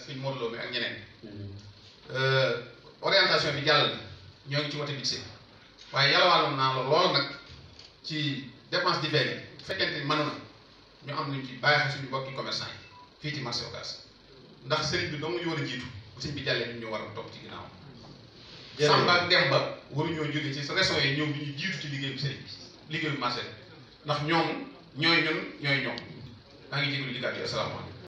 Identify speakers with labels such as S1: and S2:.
S1: ak suñ morloo mi ak ñeneen mm-hmm. euh, orientation bi jàll na ñoo ngi ci wote budget waaye yàlla waaloon naa la nag ci dépense divers yi bu fekkente ni mënoon ñu am luñ ci bàyyi suñu mbokki commerçant yi fii ci marché Ocass ndax sëriñ bi dong ñu war a jiitu bu sëriñ bi jàllee ñu war a topp ci ginnaaw Samba ak Demba waruñoo ci régions yi ñëw ñu jiitu ci liggéeyu sëriñ bi liggéeyu marché ndax ñoom
S2: ñooy ñun ñooy ñoom maa ngi jégalu li gàtt yi